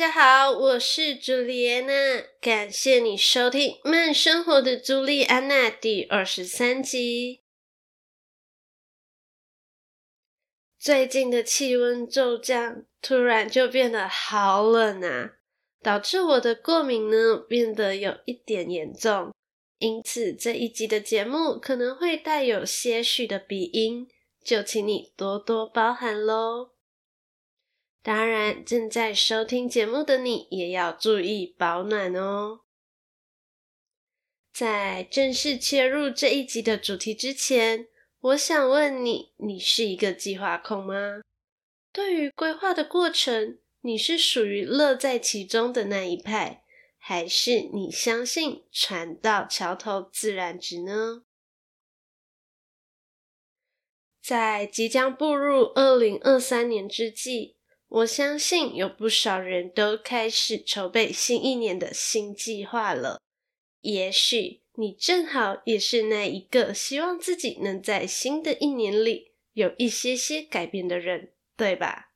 大家好，我是朱麗安娜，感謝你收聽《慢生活的朱莉安娜》第二十三集。最近的氣溫驟降，突然就變得好冷啊，導致我的過敏呢變得有一點嚴重，因此這一集的節目可能會帶有些許的鼻音，就請你多多包涵嘍。當然，正在收聽節目的你也要注意保暖哦。在正式切入這一集的主題之前，我想問你：你是一個計劃控嗎？對於規劃的過程，你是屬於樂在其中的那一派，還是你相信“船到橋頭自然直”呢？在即將步入二零二三年之際，我相信有不少人都開始籌備新一年的新計劃了，也許你正好也是那一個希望自己能在新的一年裡有一些些改變的人，對吧？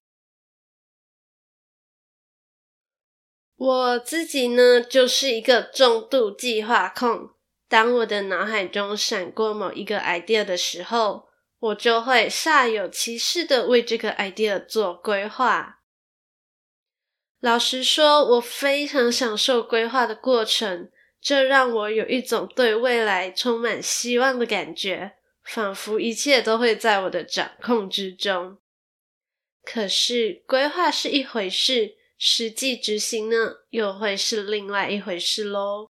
我自己呢，就是一個重度計劃控。當我的腦海中閃過某一個 idea 的時候，我就會煞有其事的為這個 idea 做規劃。老實說，我非常享受規劃的過程，這讓我有一種對未來充滿希望的感覺，仿佛一切都會在我的掌控之中。可是，規劃是一回事，實際執行呢，又會是另外一回事嘍。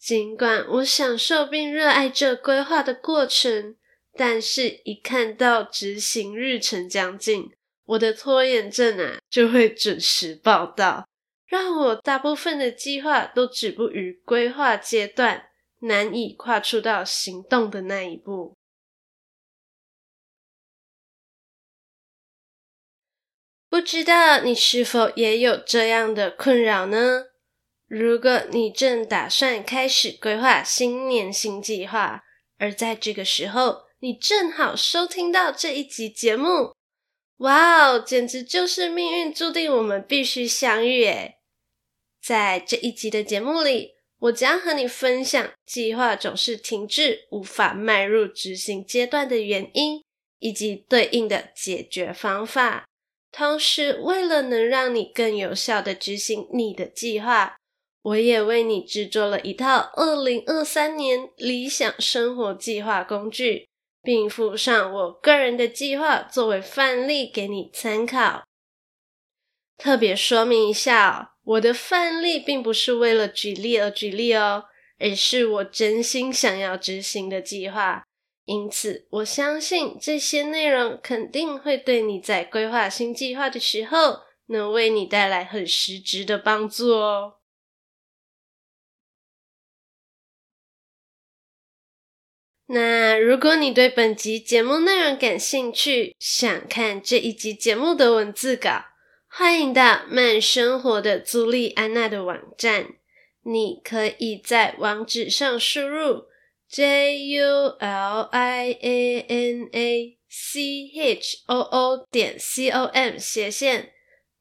儘管我享受並熱愛這規劃的過程。但是，一看到執行日程將近，我的拖延症啊就會準時報到，讓我大部分的計劃都止步於規劃階段，難以跨出到行動的那一步。不知道你是否也有這樣的困擾呢？如果你正打算開始規劃新年新計劃，而在這個時候，你正好收聽到這一集節目，哇哦，簡直就是命運注定我們必須相遇誒。在這一集的節目裡，我將和你分享計劃總是停滯、無法邁入執行階段的原因，以及對應的解決方法。同時，為了能讓你更有效地執行你的計劃，我也為你製作了一套二零二三年理想生活計劃工具。並附上我個人的計劃作為範例給你參考。特別說明一下哦，我的範例並不是為了舉例而舉例哦，而是我真心想要執行的計劃。因此，我相信這些內容肯定會對你在規劃新計劃的時候，能為你帶來很實質的幫助哦。那如果你對本集節目內容感興趣，想看這一集節目的文字稿，歡迎到慢生活的朱莉安娜的網站。你可以在網址上輸入 j u l i a n a c h o o 點 c o m 斜線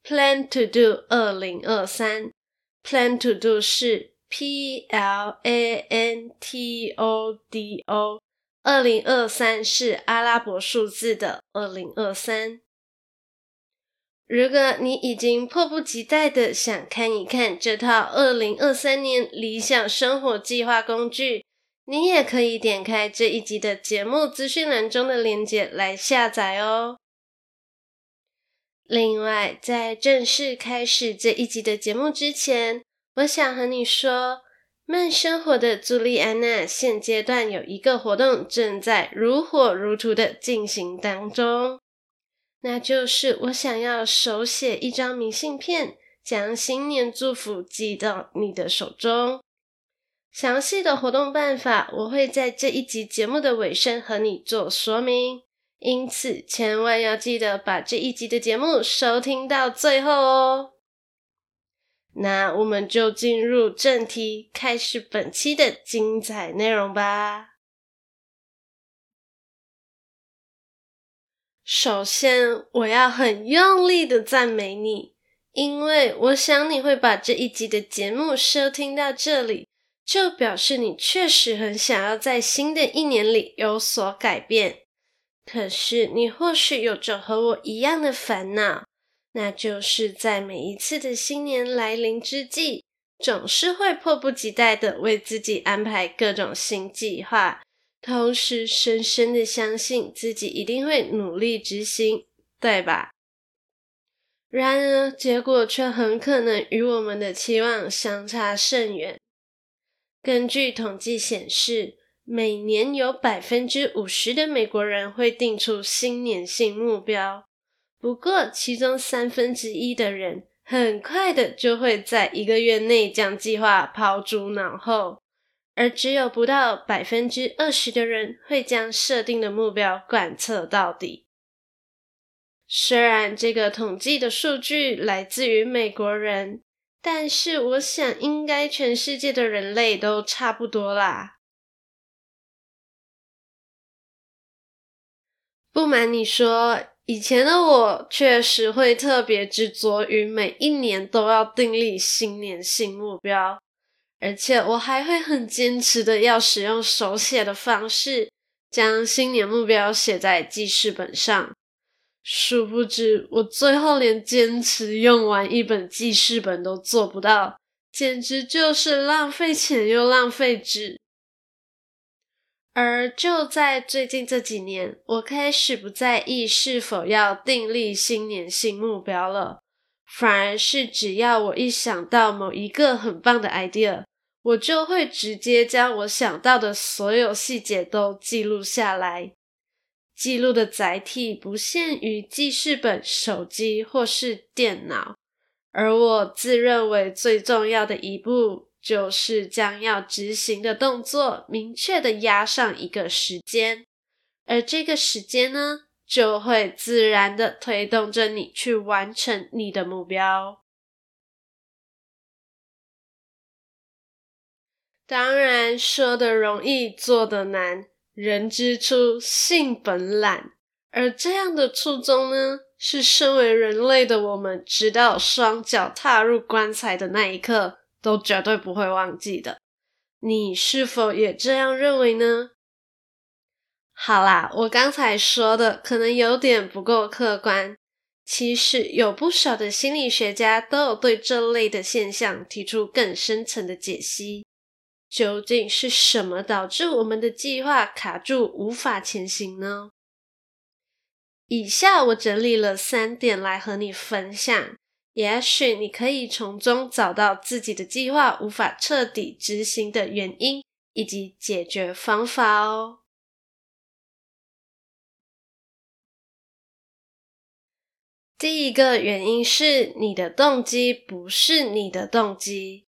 plan to do 二零二三 plan to do 是。P L A N T O D O 二零二三是阿拉伯數字的二零二三。如果你已經迫不及待的想看一看這套二零二三年理想生活計劃工具，你也可以點開這一集的節目資訊欄中的鏈接來下載哦。另外，在正式開始這一集的節目之前，我想和你說，《慢生活》的朱莉安娜現階段有一個活動正在如火如荼的進行當中，那就是我想要手寫一張明信片，將新年祝福寄到你的手中。詳細的活動辦法，我會在這一集節目的尾聲和你做說明，因此千萬要記得把這一集的節目收聽到最後哦。那我們就進入正題，開始本期的精彩內容吧。首先，我要很用力的讚美你，因為我想你會把這一集的節目收聽到這裡，就表示你確實很想要在新的一年裡有所改變。可是，你或許有着和我一樣的煩惱。那就是在每一次的新年來臨之際，總是會迫不及待地為自己安排各種新計劃，同時深深的相信自己一定會努力執行，對吧？然而，結果卻很可能與我們的期望相差甚遠。根據統計顯示，每年有百分之五十的美國人會定出新年新目標。不過，其中三分之一的人很快的就會在一個月內將計劃拋諸腦後，而只有不到百分之二十的人會將設定的目標貫徹到底。雖然這個統計的數據來自於美國人，但是我想應該全世界的人類都差不多啦。不瞞你說，以前的我確實會特別執着於每一年都要訂立新年新目標，而且我還會很堅持的要使用手寫的方式，將新年目標寫在記事本上。殊不知，我最後連堅持用完一本記事本都做不到，簡直就是浪費錢又浪費紙。而就在最近這幾年，我開始不在意是否要訂立新年新目標了，反而是只要我一想到某一個很棒的 idea，我就會直接將我想到的所有細節都記錄下來。記錄的載體不限於記事本、手機或是電腦，而我自認為最重要的一步。就是將要執行的動作明確的壓上一個時間，而這個時間呢，就會自然的推動着你去完成你的目標。當然，說的容易，做的難。人之初，性本懶，而這樣的初衷呢，是身為人類的我們，直到雙腳踏入棺材的那一刻。都絕對不會忘記的，你是否也這樣認為呢？好啦，我剛才說的可能有點不夠客觀，其實有不少的心理學家都有對這類的現象提出更深層的解析。究竟是什麼導致我們的計劃卡住無法前行呢？以下我整理了三點來和你分享。也許你可以從中找到自己的計劃無法徹底執行的原因以及解決方法哦。第一個原因是你的動機不是你的動機。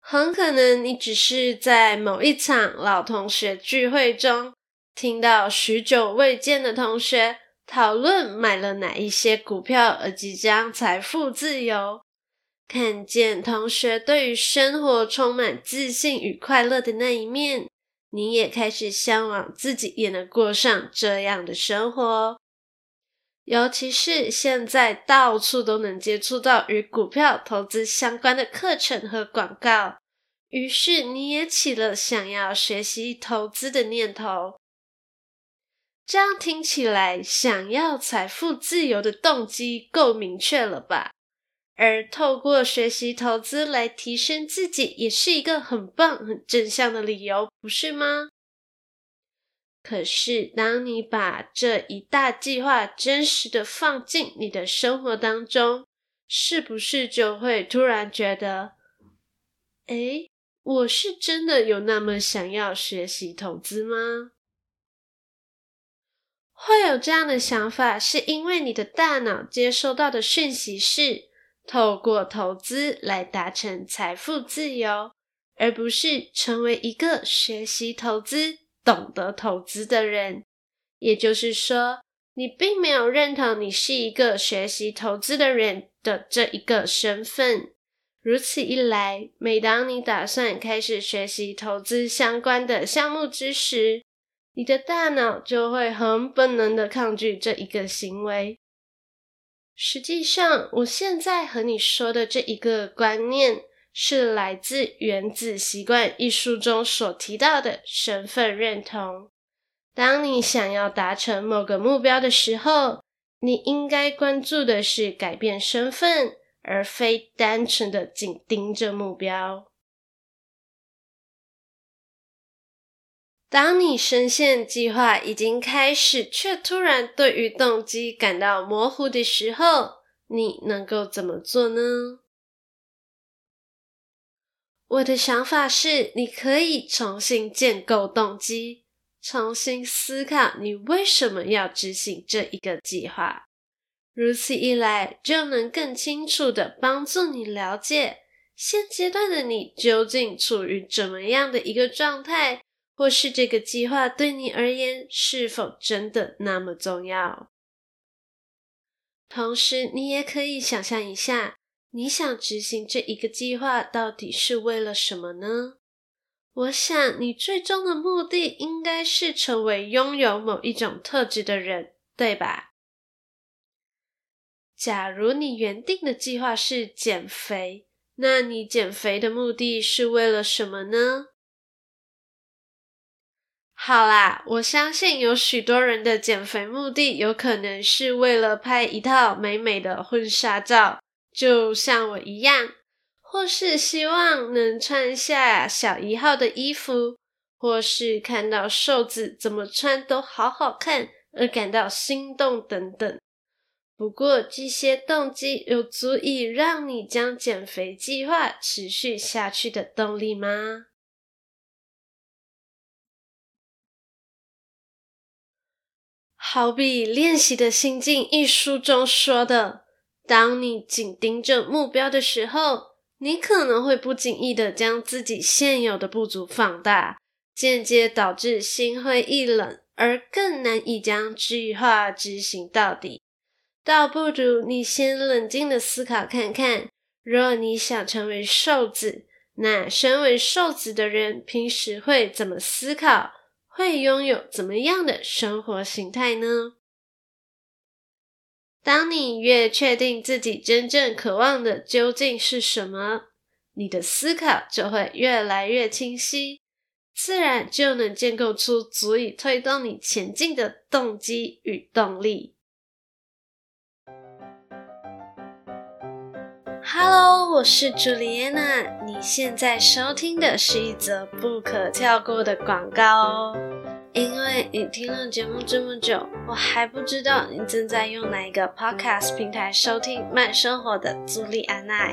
很可能你只是在某一場老同學聚會中聽到許久未見的同學討論買了哪一些股票而即將財富自由，看見同學對於生活充滿自信與快樂的那一面，你也開始向往自己也能過上這樣的生活。尤其是現在到處都能接觸到與股票投資相關的課程和廣告，於是你也起了想要學習投資的念頭。這樣聽起來，想要財富自由的動機夠明確了吧？而透過學習投資來提升自己，也是一個很棒、很正向的理由，不是嗎？可是，當你把這一大計劃真實的放進你的生活當中，是不是就會突然覺得，哎，我是真的有那麼想要學習投資嗎？會有這樣的想法，是因為你的大腦接收到的訊息是透過投資來達成財富自由，而不是成為一個學習投資、懂得投資的人。也就是說，你並沒有認同你是一個學習投資的人的這一個身份。如此一來，每當你打算開始學習投資相關的項目之時，你的大腦就會很本能的抗拒這一個行為。實際上，我現在和你說的這一個觀念，是來自《原子習慣》一書中所提到的身份認同。當你想要達成某個目標的時候，你應該關注的是改變身份，而非單純的緊盯着目標。當你深陷計劃已經開始，卻突然對於動機感到模糊的時候，你能夠怎麼做呢？我的想法是，你可以重新建構動機，重新思考你為什麼要執行這一個計劃。如此一來，就能更清楚地幫助你了解現階段的你究竟處於怎麼樣的一個狀態。或是這個計劃對你而言是否真的那麼重要？同時，你也可以想象一下，你想執行這一個計劃到底是為了什麼呢？我想你最終的目的應該是成為擁有某一種特質的人，對吧？假如你原定的計劃是減肥，那你減肥的目的是為了什麼呢？好啦，我相信有許多人的減肥目的有可能是為了拍一套美美的婚紗照，就像我一樣，或是希望能穿下小一號的衣服，或是看到瘦子怎麼穿都好好看，而感到心動等等。不過，這些動機有足以讓你將減肥計劃持續下去的動力嗎？好比《練習的心境》一書中說的，當你緊盯着目標的時候，你可能會不經意地將自己現有的不足放大，間接導致心灰意冷，而更難以將計劃執行到底。倒不如你先冷靜地思考看看，若你想成為瘦子，那身為瘦子的人平時會怎麼思考？會擁有怎麼樣的生活形態呢？當你越確定自己真正渴望的究竟是什麼，你的思考就會越來越清晰，自然就能建構出足以推動你前進的動機與動力。哈嘍，我是朱莉安娜。你現在收聽的是一則不可跳過的廣告哦，因為你聽了節目這麼久，我還不知道你正在用哪一個 Podcast 平台收聽《慢生活的朱莉安娜》。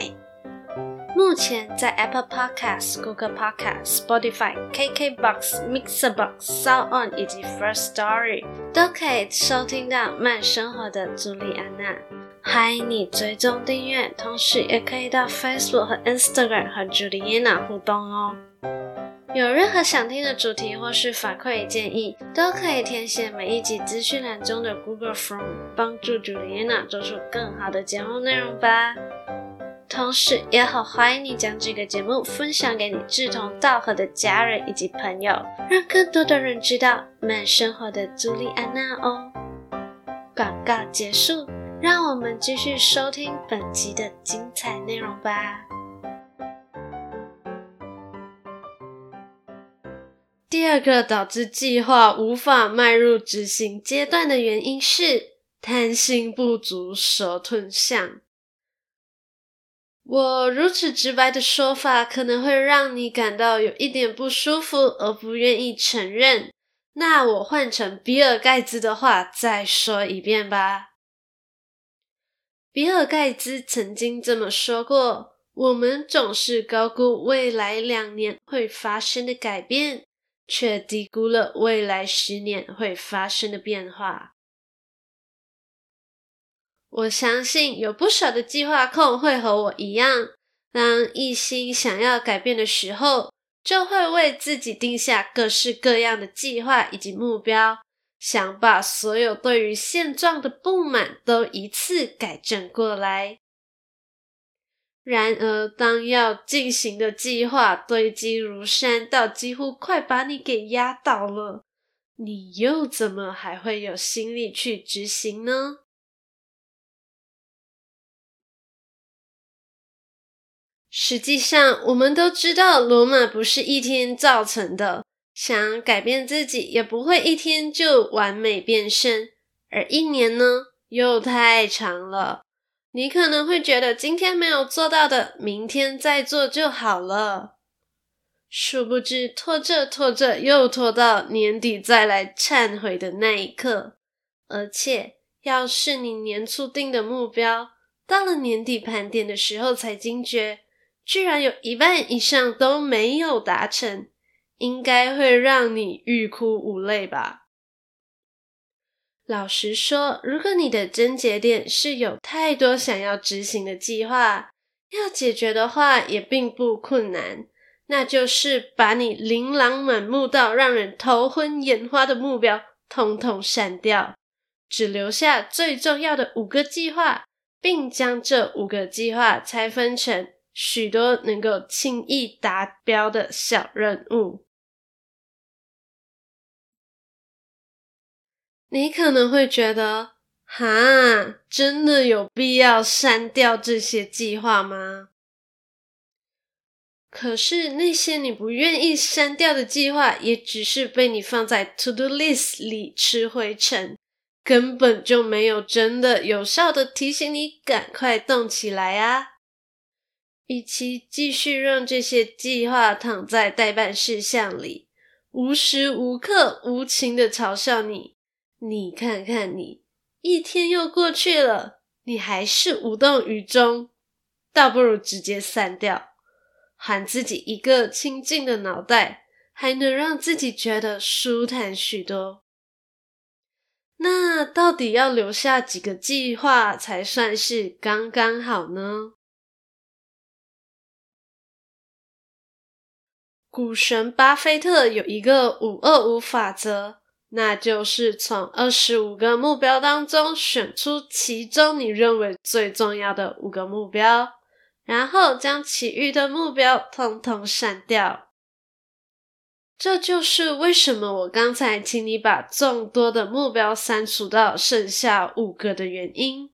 目前在 Apple Podcast、Google Podcast、Spotify、KKBox、MixerBox、SoundOn 以及 First Story 都可以收聽到《慢生活的朱莉安娜》。歡迎你追蹤訂閱，同時也可以到 Facebook 和 Instagram 和 Juliana 互動哦。有任何想聽的主題或是反饋與建議，都可以填寫每一集資訊欄中的 Google Form，幫助 Juliana 做出更好的節目內容吧。同時，也好歡迎你將這個節目分享給你志同道合的家人以及朋友，讓更多的人知道慢生活的 Juliana 哦。廣告結束。讓我們繼續收聽本集的精彩內容吧。第二個導致計劃無法邁入執行階段的原因是貪心不足蛇吞象。我如此直白的說法可能會讓你感到有一點不舒服，而不願意承認。那我換成比爾·蓋茨的話，再說一遍吧。比爾·蓋茨曾經這麼說過：“我們總是高估未來兩年會發生的改變，卻低估了未來十年會發生的變化。”我相信有不少的計劃控會和我一樣，當一心想要改變的時候，就會為自己定下各式各樣的計劃以及目標。想把所有對於現狀的不滿都一次改正過來，然而當要進行的計劃堆積如山，到幾乎快把你給壓倒了，你又怎麼還會有心力去執行呢？實際上，我們都知道，羅馬不是一天造成的。想改變自己，也不會一天就完美變身，而一年呢，又太長了。你可能會覺得今天沒有做到的，明天再做就好了。殊不知，拖着拖着，又拖到年底再來懺悔的那一刻。而且，要是你年初定的目標，到了年底盤點的時候才驚覺，居然有一半以上都沒有達成。應該會讓你欲哭無淚吧。老實說，如果你的癥結點是有太多想要執行的計劃，要解決的話也並不困難。那就是把你琳琅滿目到讓人頭昏眼花的目標，統統刪掉，只留下最重要的五個計劃，並將這五個計劃拆分成許多能夠輕易達標的小任務。你可能會覺得，哈，真的有必要刪掉這些計劃嗎？可是那些你不願意刪掉的計劃，也只是被你放在 To Do List 裡吃灰塵，根本就沒有真的有效的提醒你趕快動起來啊！與其繼續讓這些計劃躺在待辦事項裡，無時無刻無情的嘲笑你。你看看你，一天又過去了，你還是無動於衷，倒不如直接散掉，還自己一個清靜的腦袋，還能讓自己覺得舒坦許多。那到底要留下幾個計劃才算是剛剛好呢？股神巴菲特有一個五二五法則。那就是從二十五個目標當中選出其中你認為最重要的五個目標，然後將其餘的目標統統刪掉。這就是為什麼我剛才請你把眾多的目標刪除到剩下五個的原因。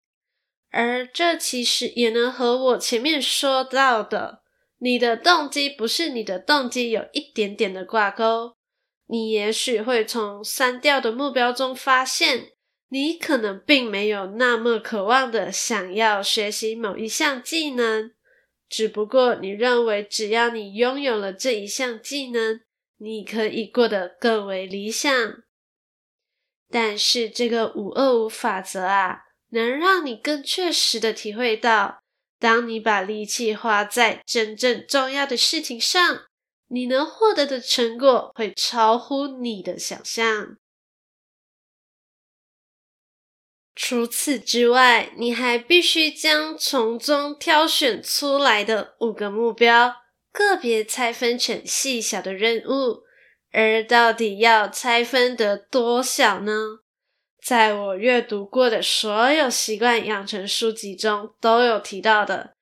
而這其實也能和我前面說到的，你的動機不是你的動機有一點點的掛鈎。你也許會從刪掉的目標中發現，你可能並沒有那麼渴望的想要學習某一項技能，只不過你認為只要你擁有了這一項技能，你可以過得更為理想。但是這個五二五法則啊，能讓你更確實的體會到，當你把力氣花在真正重要的事情上，你能獲得的成果會超乎你的想象除此之外，你還必須將從中挑選出來的五個目標，個別拆分成細小的任務，而到底要拆分得多小呢？在我閱讀過的所有習慣養成書籍中都有提到的。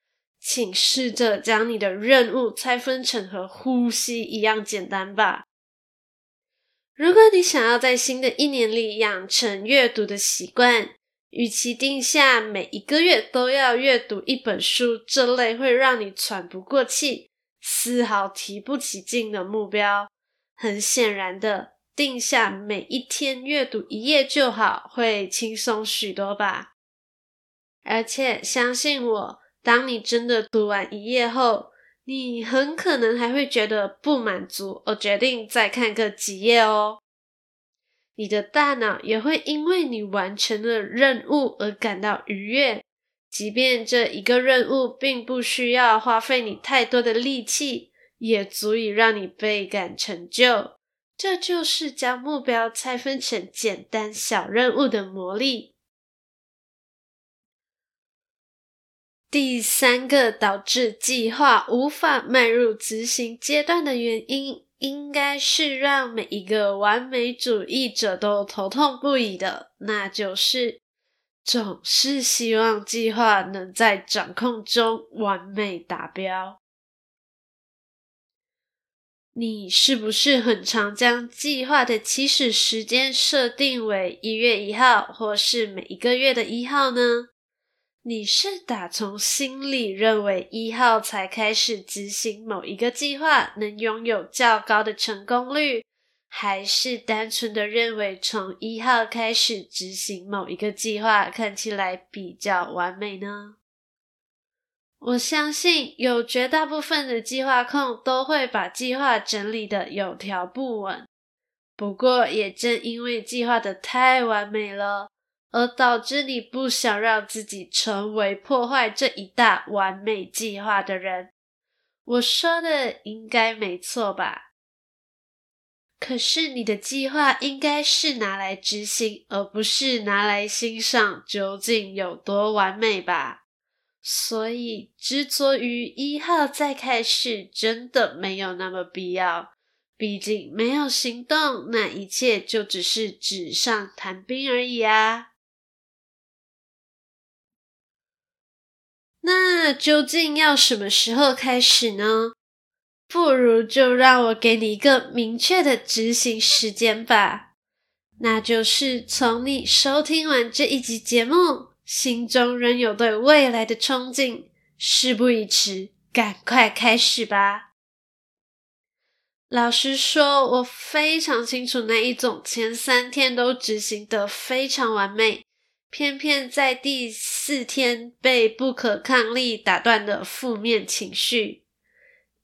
請試着將你的任務拆分成和呼吸一樣簡單吧。如果你想要在新的一年裡養成閱讀的習慣，與其定下每一個月都要閱讀一本書，這類會讓你喘不過氣、絲毫提不起勁的目標，很顯然的，定下每一天閱讀一頁就好，會輕鬆許多吧。而且相信我。當你真的讀完一頁後，你很可能還會覺得不滿足，而決定再看個幾頁哦。你的大腦也會因為你完成了任務而感到愉悅，即便這一個任務並不需要花費你太多的力氣，也足以讓你倍感成就。這就是將目標拆分成簡單小任務的魔力。第三個導致計劃無法邁入執行階段的原因，應該是讓每一個完美主義者都頭痛不已的，那就是總是希望計劃能在掌控中完美達標。你是不是很常將計劃的起始時間設定為一月一號，或是每一個月的一號呢？你是打從心裡認為一號才開始執行某一個計劃能擁有較高的成功率，還是單純的認為從一號開始執行某一個計劃看起來比較完美呢？我相信有絕大部分的計劃控都會把計劃整理得有條不紊，不過也正因為計劃得太完美了。而導致你不想讓自己成為破壞這一大完美計劃的人，我說的應該沒錯吧？可是你的計劃應該是拿來執行，而不是拿來欣賞究竟有多完美吧？所以執着於一號再開始，真的沒有那麼必要。畢竟沒有行動，那一切就只是紙上談兵而已啊！那究竟要什麼時候開始呢？不如就讓我給你一個明確的執行時間吧，那就是從你收聽完這一集節目，心中仍有對未來的憧憬，事不宜遲，趕快開始吧。老實說，我非常清楚那一種前三天都執行得非常完美，偏偏在第四天被不可抗力打斷的負面情緒。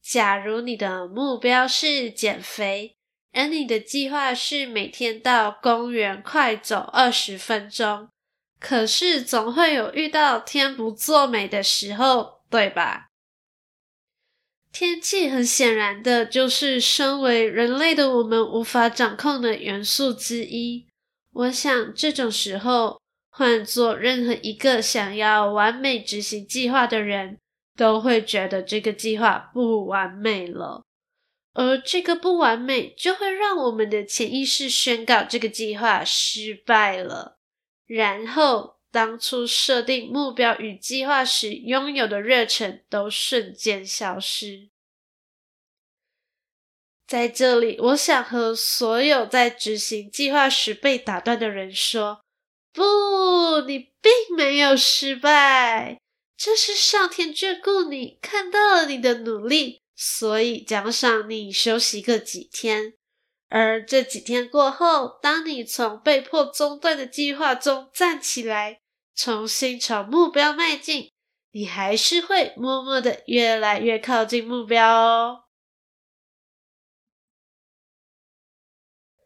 假如你的目標是減肥，而你的計劃是每天到公園快走二十分鐘，可是總會有遇到天不作美的時候，對吧？天氣很顯然的就是身為人類的我們無法掌控的元素之一。我想這種時候，換做任何一個想要完美執行計劃的人，都會覺得這個計劃不完美了，而這個不完美就會讓我們的潛意識宣告這個計劃失敗了，然後當初設定目標與計劃時擁有的熱忱都瞬間消失。在這裡，我想和所有在執行計劃時被打斷的人說。不，你並沒有失敗，這是上天眷顧你，看到了你的努力，所以獎賞你休息個幾天。而這幾天過後，當你從被迫中斷的計劃中站起來，重新朝目標邁進，你還是會默默的越來越靠近目標哦。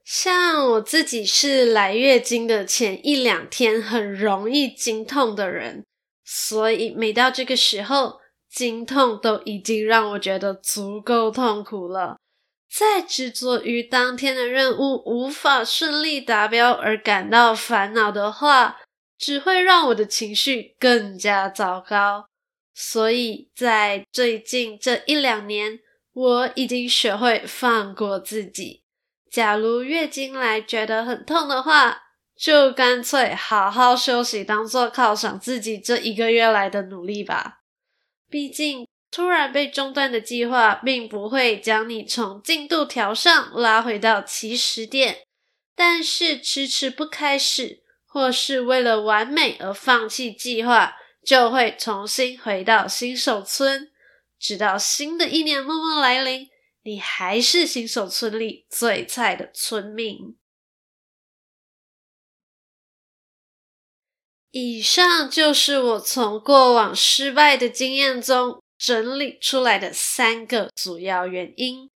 像我自己是來月經的前一兩天很容易經痛的人，所以每到這個時候，經痛都已經讓我覺得足夠痛苦了。再執着於當天的任務無法順利達標而感到煩惱的話，只會讓我的情緒更加糟糕。所以在最近這一兩年，我已經學會放過自己。假如月經來覺得很痛的話，就乾脆好好休息，當做犒賞自己這一個月來的努力吧。畢竟突然被中斷的計劃，並不會將你從進度條上拉回到起始點。但是遲遲不開始，或是為了完美而放棄計劃，就會重新回到新手村，直到新的一年默默來臨。你還是新手村裡最菜的村民。以上就是我從過往失敗的經驗中整理出來的三個主要原因，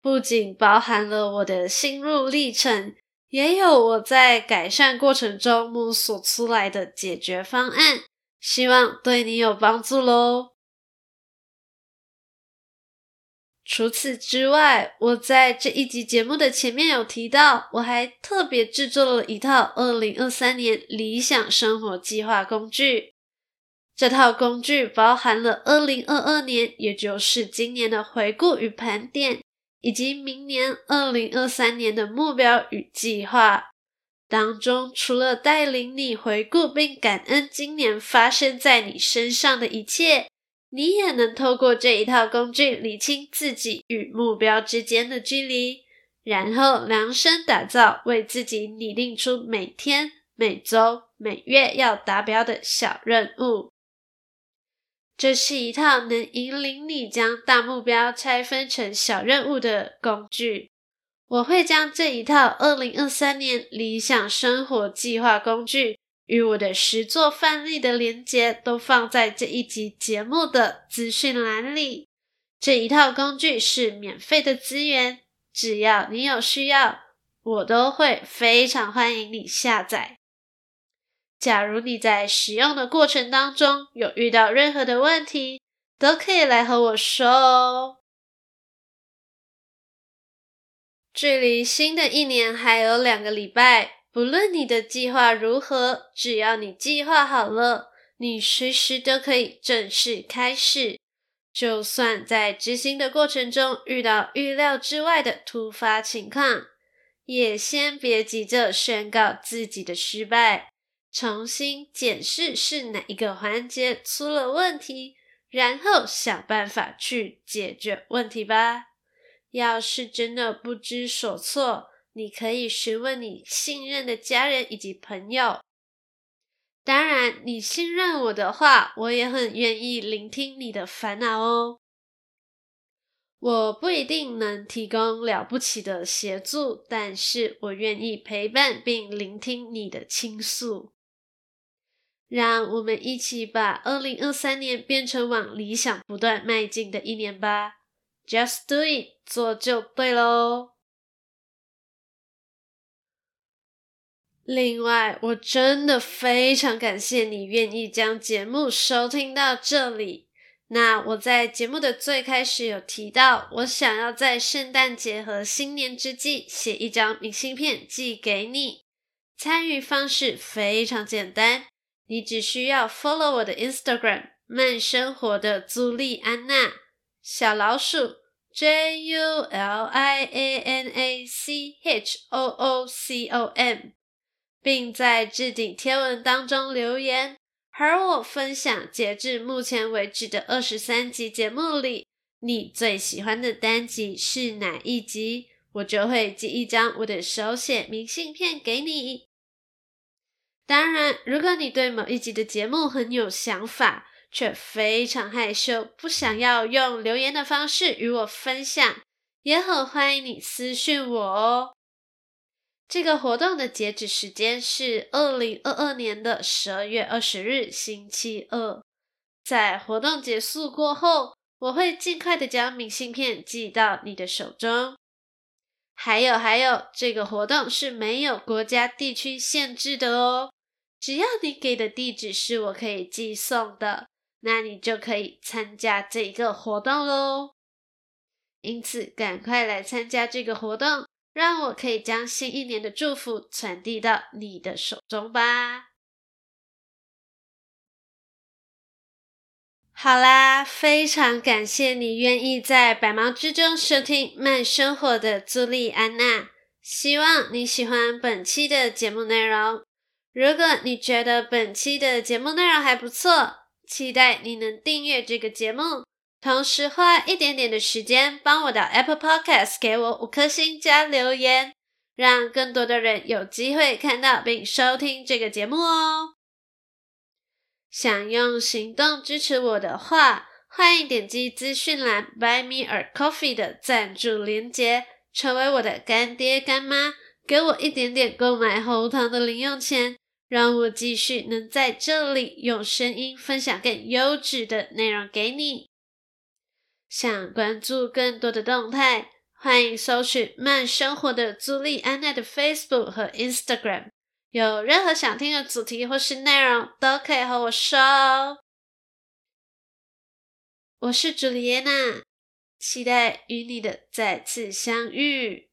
不僅包含了我的心路歷程，也有我在改善過程中摸索出來的解決方案，希望對你有幫助嘍。除此之外，我在這一集節目的前面有提到，我還特別制作了一套2023年理想生活計劃工具。這套工具包含了2022年，也就是今年的回顧與盤點，以及明年2023年的目標與計劃。當中除了帶領你回顧並感恩今年發生在你身上的一切，你也能透過這一套工具理清自己與目標之間的距離，然後量身打造，為自己擬定出每天、每周、每月要達標的小任務。這是一套能引領你將大目標拆分成小任務的工具。我會將這一套2023年理想生活計劃工具，與我的實作範例的連結都放在這一集節目的資訊欄裡。這一套工具是免費的資源，只要你有需要，我都會非常歡迎你下載。假如你在使用的過程當中有遇到任何的問題，都可以來和我說哦。距離新的一年還有兩個禮拜。不論你的計劃如何，只要你計劃好了，你隨時都可以正式開始。就算在執行的過程中遇到預料之外的突發情況，也先別急着宣告自己的失敗，重新檢視是哪一個環節出了問題，然後想辦法去解決問題吧。要是真的不知所措，你可以詢問你信任的家人以及朋友。當然，你信任我的話，我也很願意聆聽你的煩惱哦。我不一定能提供了不起的協助，但是我願意陪伴並聆聽你的傾訴。讓我們一起把2023年變成往理想不斷邁進的一年吧。Just do it，做就對嘍。另外，我真的非常感謝你願意將節目收聽到這裡。那我在節目的最開始有提到，我想要在聖誕節和新年之際寫一張明信片寄給你。參與方式非常簡單，你只需要 follow 我的 Instagram“ 慢生活的朱莉安娜”小老鼠 J-U-L-I-A-N-A-C-H-O-O-C-O-M。並在置頂貼文當中留言和我分享，截至目前為止的二十三集節目裡，你最喜歡的單集是哪一集？我就會寄一張我的手寫明信片給你。當然，如果你對某一集的節目很有想法，卻非常害羞，不想要用留言的方式與我分享，也很歡迎你私訊我哦。這個活動的截止時間是二零二二年的十二月二十日星期二。在活動結束過後，我會儘快的將明信片寄到你的手中。還有還有，這個活動是沒有國家地區限制的哦，只要你給的地址是我可以寄送的，那你就可以參加這一個活動嘍。因此，趕快來參加這個活動！讓我可以將新一年的祝福傳遞到你的手中吧。好啦，非常感謝你願意在百忙之中收聽慢生活的朱莉安娜。希望你喜歡本期的節目內容。如果你覺得本期的節目內容還不錯，期待你能訂閱這個節目。同時花一點點的時間，幫我到 Apple Podcast 給我五顆星加留言，讓更多的人有機會看到並收聽這個節目哦。想用行動支持我的話，歡迎點，點擊資訊欄 “Buy Me a Coffee” 的贊助鏈接，成為我的乾爹乾媽，給我一點點購買紅糖的零用錢，讓我繼續能在這裡用聲音分享更優質的內容給你。想關注更多的動態，歡迎搜尋慢生活的朱莉安娜的 Facebook 和 Instagram。有任何想聽的主題或是內容，都可以和我說哦。我是朱莉安娜，期待與你的再次相遇。